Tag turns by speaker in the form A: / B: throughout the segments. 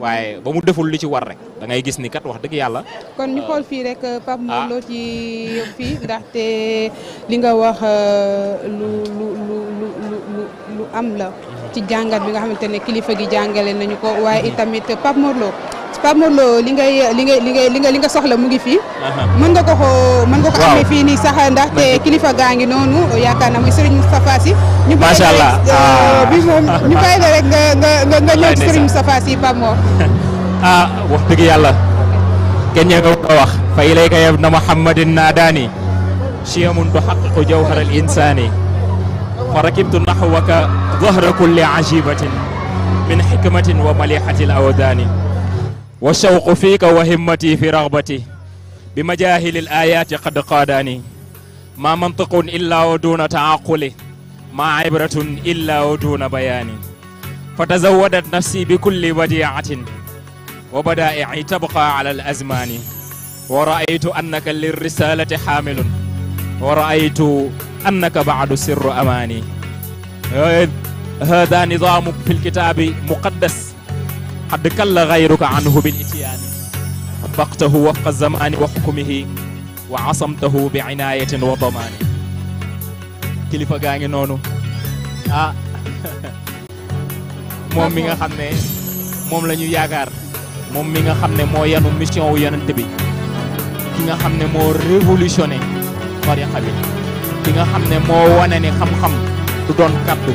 A: waaye ba mu deful lu ci war rek da ngay gis ni kat wax dëgg yàlla. kon ñu xool euh,
B: fii rek euh, Pape Mor ah. ci yëpp ndaxte euh, li nga wax lu am la. Mhm. ci jàngat bi nga xamante ne kilifa gi jàngale nañu ko waaye mhm. itamit Pape Mor Pape Mor Lo li li ngay li ngay nga soxla mu ngi fi mën nga ko ko mën nga ko amee fii nii kilifa gaa ngi noonu yaakaar naa mooy Serigne ñu macha allah euh, ah. bi moom ñu bàyyi la rek nga nga nga
A: ah, wax dëgg yàlla kenn ña nga naadaani shiyamun tuhaqiqu jawhar al fa rakibtu nahwaka dahra kulli ajibatin min hikmatin wa malihatil awdaani wa shawqu fiika wa himmati fi raghbati bi majaahili l ayaati qad qaadaani ma mantiqun illa wa duuna taaquli ma ibratun illa wa duuna bayaani fa tazawadat nafsi bi kulli badiatin wa badaa'ici tabqa ala al azmaani wa ra'aytu annaka lirrisalati xaamilun wa ra'aytu annaka bacdu sirru amaani hada nidaamu fi lkitaabi muqaddas قد كل غيرك عنه بالإتيان طبقته وفق الزمان وحكمه وعصمته بعناية وضمان kilifa gaa ngi noonu ah moom mi nga xam ne moom la ñu yaakaar moom mi nga xam ne moo yanu mission wu yonent ki nga xam ne moo révolutionné tariqa bi ki nga xam ne moo wane ni xam-xam du doon kaddu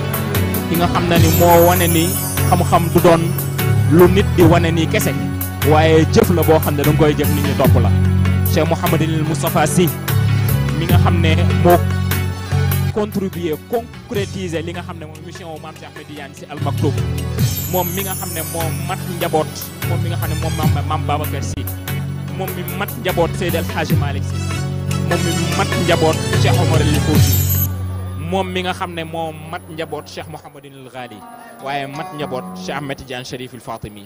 A: ki nga xam ne ni moo wane ni xam-xam du doon lu nit di wane nii kese waaye jëf la boo xam ne da koy jëf nit ñi topp la Cheikh Mouhamadinil Moustapha si mi nga xam ne moo contribuer concrétiser li nga xam ne mooy mission wu maam si Ahmed Tidiane Sy Al moom mi nga xam ne moo mat njaboot moom mi nga xam ne moom maam Babacar Sy moom mi mat njaboot Seydi El Hadji Malick moom mi mat njaboot Cheikh Omar El Fouti moom mi nga xam ne moo mat njaboot Cheikh Mouhamadinil Ghali waaye mat njaboot Cheikh Ahmed Tidiane Chérifil Fatimi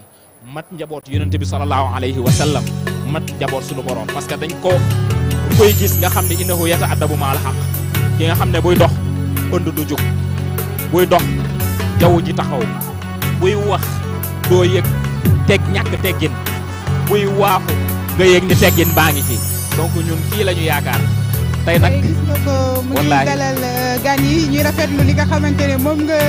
A: mat njaboot yonente bi sallallahu alayhi wa sallam mat njaboot suñu borom parce que dañ ko koy gis nga xam ne innahu yata bu ma alxaq ki nga xam ne buy dox ënd du jóg buy dox jaww ji taxaw buy wax doo yëg teg ñàkk teggin buy waaxu nga yëg ni teggin baa ngi ci donc ñun kii la yaakaar tey nag gis
B: nga ko mu ngi dalal euh, gan yi ñu rafetlu li nga xamante ne moom nga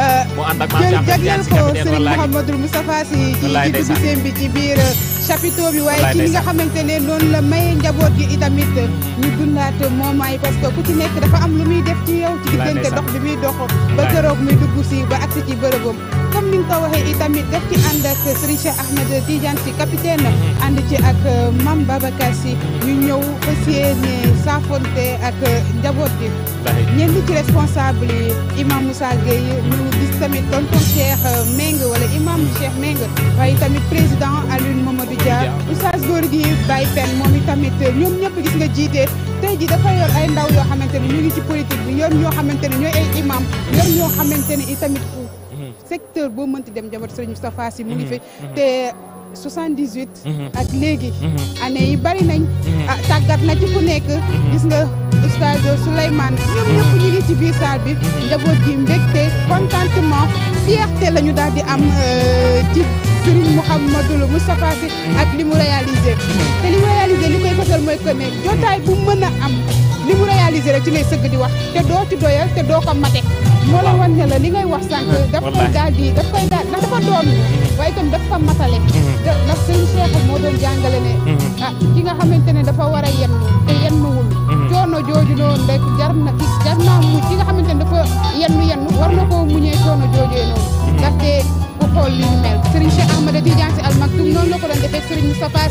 B: euh, jël jagleel ko Serigne Mouhamadou Moustapha Sy ci jiitu biseem bi ci biir euh, chapiteau bi waaye ci li nga xamante ne noonu la maye njaboot gi itamit ñu dundaat moomaay parce que ku ci nekk dafa am lu muy def ci yow ci diggante dox bi muy dox ba këroog muy dugg si ba agsi ci bërëbam ni nga ko waxee itamit def ci ànd ak Serigne Cheikh Ahmed Tidiane si capitaine mhm. ànd ci ak euh, Mame Babacar Sy ñu ñëw fas yéene saafonte ak euh, njaboot bi ñenn ci responsable yi imam Moussa Gueye ñu gis tamit tonton Cheikh euh, Meng wala imam Cheikh Meng waaye tamit président Alioune Mamadou Dia Oustaz Gorgui Baye Pène moom itamit ñoom ñëpp gis nga jiite tey ji dafa yor ay ndaw yoo xamante ne ñu ngi ci politique bi yor ñoo xamante ne ñooy ay imam yor ñoo xamante ne itamit secteur boo mënti dem njabootu sëriñ Moustapha Sy mu ngi mhm. fi mhm. te 78 mhm. ak léegi année yi bari nañ ah, tàggat na ci ku nekk gis nga oustaz Souleymane ñoom ñëpp ñu ngi ci biir salle bi njaboot gi mbégte contentement fierté la ñu daal di am euh, ci Serigne Mouhamadou Moustapha Sy ak li mu réalisé te li mu li koy fasal mooy que jotaay bu mën a am li mu rek ci lay sëgg di wax te doo ci doyal te doo ko mate moo la wan ne la li ngay wax sànq daf koy daal di daf dafa doon waaye itam daf ko mhm. moo doon jàngale ne mhm. ah ki nga xamante ne dafa war a yenn te yennuwul mhm. coono jooju noonu rek jar na ki jar nga xamante ne dafa yennu yennu war na koo muñee coono joojee noonu ndaxte xool li mu mel Serigne Cheikh Ahmada Tidiane Sy Al Maktoum la ko doon defee Serigne Moustapha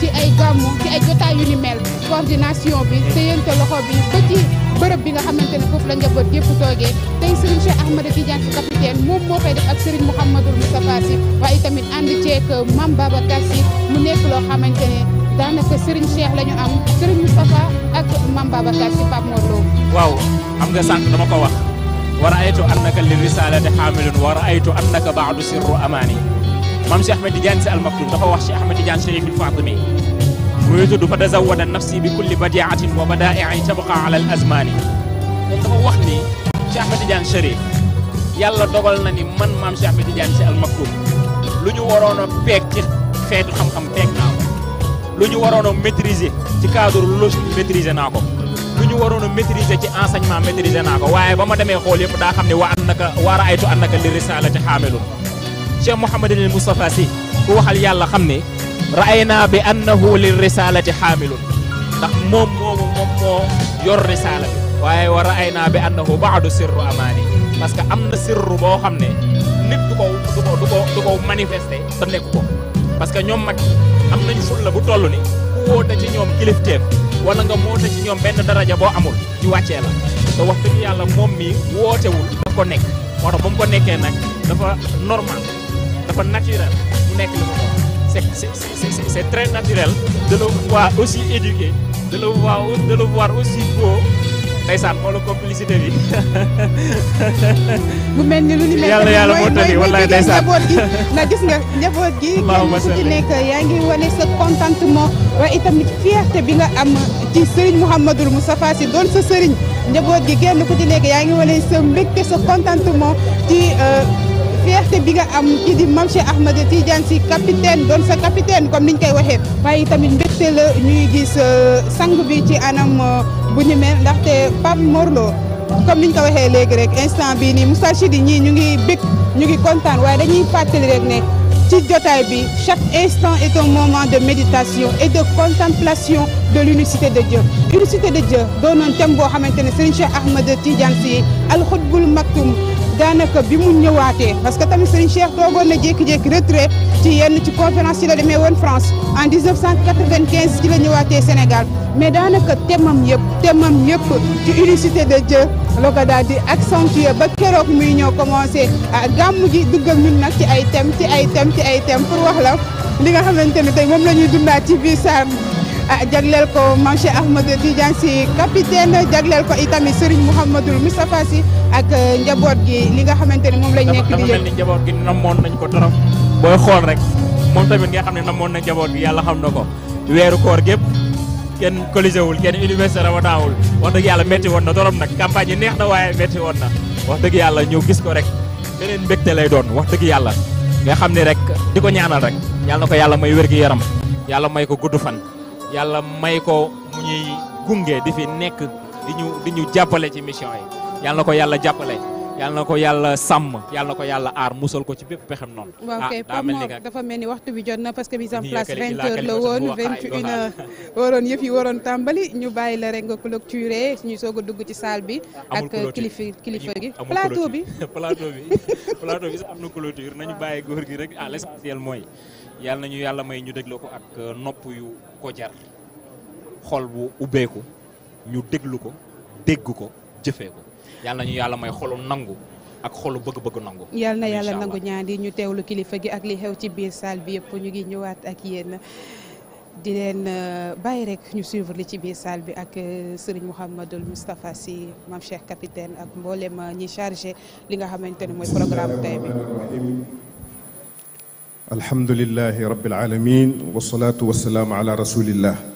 B: ci ay gàmmu ci ay jotaay yu ni mel coordination bi téyante loxo bi bërëb bi nga xamante ne foofu la njaboot yëpp toogee tey Serigne Cheikh Ahmada Tidiane Sy capitaine moom moo koy ak Serigne Mouhamadou Moustapha Sy waaye tamit ànd ceeg euh, Mame Babacar Sy mu nekk loo xamante ne daanaka Serigne Cheikh la ñu am Serigne Moustapha ak Mame Babacar Sy Pape Mor Lo
A: waaw xam nga sànq dama wa raaytu annaka li risalati xaamilun wa raaytu annaka baadu sirru amaani maam si Ahmed Tidiane si almaktum dafa wax si Ahmed Tidiane Chérif il Fatimi muy tudd fa tazawada nafsi bi kulli badiatin wa badaa'i tabqa ala al azmaani moom dafa wax ni si Ahmed Tidiane Chérif yàlla dogal na ni man maam si Ahmed Tidiane si almaktum lu ñu waroon a peeg ci feetu xam-xam peeg naa ko lu ñu waroon a maîtriser ci cadre logique maîtriser naa ko lu ñu waroon a maîtriser ci enseignement maîtriser naa ko waaye ba ma demee xool yëpp daa xam ne wa annaka wa raaytu annaka li risalati xaamilun cheikh mouhamadinil moustapha si ku waxal yàlla xam ne raay naa bi annahu li risalati xaamilun ndax moom moomu moom moo yor risaala bi waaye wa raay naa bi annahu baadu sirru amaani parce que am na sirru boo xam ne nit du ko du ko du ko du ko manifester te nekk ko parce que ñoom mag am nañ fulla bu toll ni woote ci ñoom kilifteef wala nga woote ci ñoom benn daraja boo amul ñu wàccee la te wax dëgg yàlla moom mi wootewul daf ko nekk moo tax ba mu ko nekkee nag dafa normal dafa naturel mu nekk li ma c'est c'est très naturel de le voir aussi éduqué de la voir de le voir aussi beau ndeysaan xoolal complicité bi.
B: bu mel ni lu ni mel. yàlla yàlla moo tëddee wallaay ndeysaan na gis nga njaboot gi. kenn ku ci nekk yaa ngi wane sa contentement waaye itamit te bi nga am ci Serigne Mouhamadul Moustapha Sy doon sa sëriñ njaboot gi kenn ku ci nekk yaa ngi wane sa mbégte sa contentement ci. Euh, fierté bi nga am kii di Mame Cheikh Ahmed Tidiane Sy capitaine doon sa capitaine comme niñ koy waxee waaye tamit mbégte la ñuy gis euh, sang bi ci anam euh, bu ñu mel ndaxte Pape Mor Lo comme niñ ko waxee léegi rek instant bii nii Moustarchidines ñii ñu ngi bég ñu ngi kontaan waaye dañuy fàttali rek ne ci jotaay bi chaque instant est un moment de méditation et de contemplation de l'unicité de Dieu unicité de Dieu doonoon thème boo xamante ne Serigne Cheikh Ahmed Tidiane Sy Al Khutbul Maktoum daanaka bi mu ñëwaatee parce que tamit Serigne Cheikh toogoon na jékki-jékki retrait ci yenn ci conférence ci la demee woon France en 1995 ci la ñëwaatee Sénégal mais daanaka temam yëpp temam yëpp ci unicité de Dieu la ko daal di accentuer ba keroog muy ñëw commencé ah, gàmm gi duggal ñun nag ci ay thème ci ay thème ci ay thème pour wax la li nga xamante ni tey moom la ñuy dundaat ci biir Sarr. ah jagleel ko Mame Cheikh Ahmed Tidiane Sy capitaine jagleel ko itamit Serigne Mouhamadul Moustapha Sy ak euh, njaboot gi li nga xamante ne moom lañ nekk di jël dafa mel
A: ni njaboot gi namoon nañ ko trop booy xool rek moom tamit nga xam ne namoon na njaboot gi yàlla xam na ko weeru koor gépp kenn collégé wul kenn université ramadaawul wax dëgg yàlla métti woon na trop nag campagne yi neex na waaye métti woon na wax dëgg yàlla ñëw gis ko rek beneen mbégte lay doon wax dëgg yàlla nga xam ne rek di ko ñaanal rek yàlla ko yàlla may wér gi yaram yàlla may ko gudd fan yàlla may ko mu ñuy gunge di fi nekk di ñu di ñu jàppale ci mission yi yàlla na ko yàlla jàppale yàlla na ko yàlla sàmm yàlla ko yàlla aar musal ko ci bépp pexem noonu. ah daa mel ni
B: dafa mel ni waxtu bi jot na parce que mise en place vingt heures la woon vingt une ah, heures waroon yëf waroon tàmbali ñu bàyyi la rek nga clôturer ñu soog a dugg ci saal bi. ak kilifa kilifa gi plateau bi
A: plateau bi plateau bi am na clôture nañu bàyyi góor gi rek ah l'essentiel mooy. na ñu yàlla may ñu déglu ko ak euh, nopp yu ko jar xol bu ubbeeku ñu déglu ko dégg ko jëfee ko yàlla ñu yàlla may xolu nangu ak xolu bëgg-bëgg nangu. yàlla na yàlla nangu ñaan
B: yi ñu teewlu kilifa gi ak li xew ci biir salle bi yëpp ñu ngi ñëwaat ak yéen. di leen euh, bàyyi rek ñu suivre li ci biir salle bi ak euh, sëriñ Mouhamadul Moustapha Sy maam Cheikh capitaine ak mboolem ñi chargé li nga xamante ne mooy programme tey bi.
A: alhamdulilahi rabil aalamiin wasalaatu wasalaam ala rasulillah